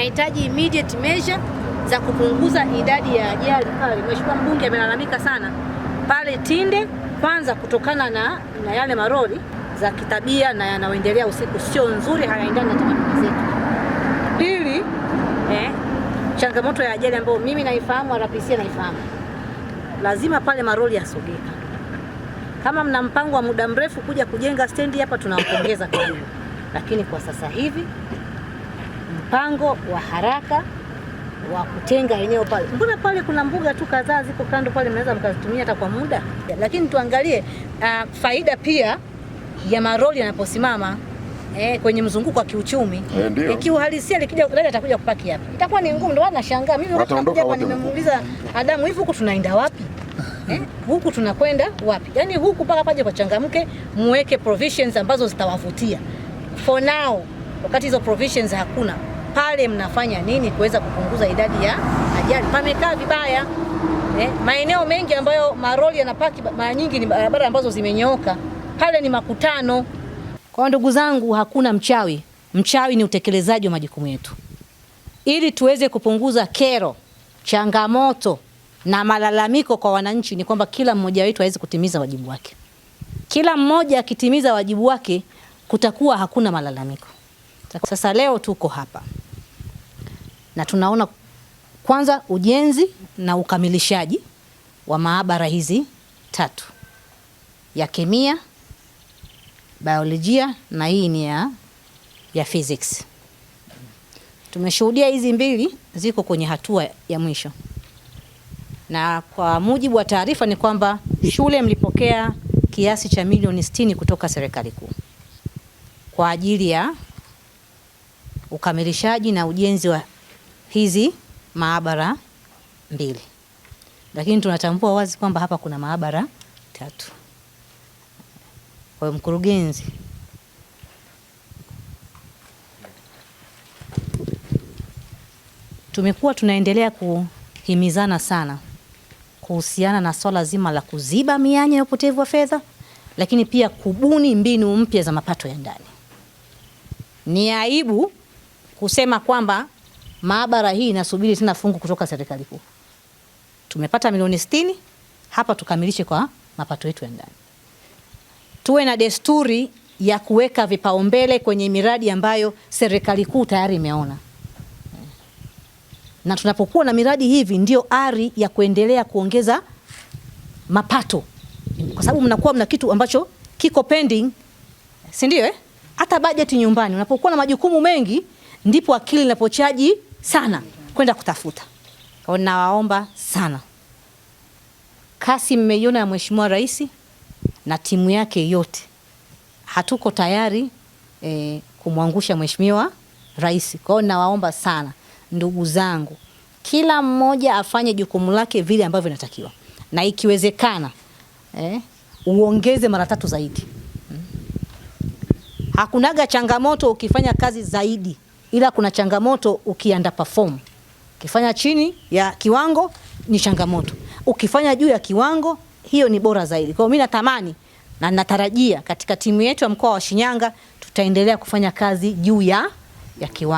tunahitaji immediate measure za kupunguza idadi ya ajali pale. Mheshimiwa mbunge amelalamika sana pale Tinde, kwanza kutokana na, na yale maroli za kitabia na yanayoendelea usiku sio nzuri, hayaendani na tamaduni zetu. Pili, eh, changamoto ya ajali ambayo mimi naifahamu, RPC naifahamu, lazima pale maroli yasogeka. Kama mna mpango wa muda mrefu kuja kujenga stendi hapa, tunawapongeza kwa hiyo, lakini kwa sasa hivi mpango wa haraka wa kutenga eneo pale. Mbona pale kuna mbuga tu kadhaa ziko kando pale, mnaweza mkazitumia hata kwa muda, lakini tuangalie uh, faida pia ya maroli yanaposimama eh, kwenye mzunguko wa kiuchumi e, eh, kiuhalisia likija dada atakuja kupaki hapa itakuwa ni ngumu. Ndio nashangaa mimi hapa, nimemuuliza Adamu, hivi huku tunaenda wapi? Eh, huku tunakwenda wapi? Yaani huku mpaka paje kwa changamke, muweke provisions ambazo zitawavutia for now, wakati hizo provisions hakuna pale mnafanya nini kuweza kupunguza idadi ya ajali? Pamekaa vibaya eh, maeneo mengi ambayo maroli yanapaki mara nyingi ni barabara ambazo zimenyooka, pale ni makutano. Kwa ndugu zangu, hakuna mchawi, mchawi ni utekelezaji wa majukumu yetu, ili tuweze kupunguza kero, changamoto na malalamiko kwa wananchi. Ni kwamba kila mmoja wetu aweze kutimiza wajibu wake. Kila mmoja akitimiza wajibu wake, kutakuwa hakuna malalamiko. Sasa leo tuko hapa na tunaona kwanza ujenzi na ukamilishaji wa maabara hizi tatu ya kemia, biolojia na hii ni ya, ya physics. Tumeshuhudia hizi mbili ziko kwenye hatua ya mwisho, na kwa mujibu wa taarifa ni kwamba shule mlipokea kiasi cha milioni 60 kutoka serikali kuu kwa ajili ya ukamilishaji na ujenzi wa hizi maabara mbili, lakini tunatambua wazi kwamba hapa kuna maabara tatu. Kwa hiyo mkurugenzi tumekuwa tunaendelea kuhimizana sana kuhusiana na swala zima la kuziba mianya ya upotevu wa fedha, lakini pia kubuni mbinu mpya za mapato ya ndani. Ni aibu kusema kwamba Maabara hii inasubiri tena fungu kutoka serikali kuu. Tumepata milioni sitini hapa, tukamilishe kwa mapato yetu ya ndani. Tuwe na desturi ya kuweka vipaumbele kwenye miradi ambayo serikali kuu tayari imeona, na tunapokuwa na miradi hivi ndio ari ya kuendelea kuongeza mapato, kwa sababu mnakuwa mna kitu ambacho kiko pending, si ndio eh? Hata bajeti nyumbani, unapokuwa na majukumu mengi ndipo akili inapochaji sana kwenda kutafuta. Nawaomba sana kasi mmeiona ya Mheshimiwa Rais na timu yake yote, hatuko tayari e, kumwangusha Mheshimiwa Rais. Kwa hiyo nawaomba sana ndugu zangu, kila mmoja afanye jukumu lake vile ambavyo inatakiwa, na ikiwezekana eh, uongeze mara tatu zaidi. Hmm? Hakunaga changamoto ukifanya kazi zaidi ila kuna changamoto ukianda perform. Ukifanya chini ya kiwango ni changamoto, ukifanya juu ya kiwango hiyo ni bora zaidi. Kwa hiyo mimi natamani na natarajia katika timu yetu ya mkoa wa Shinyanga tutaendelea kufanya kazi juu ya ya kiwango.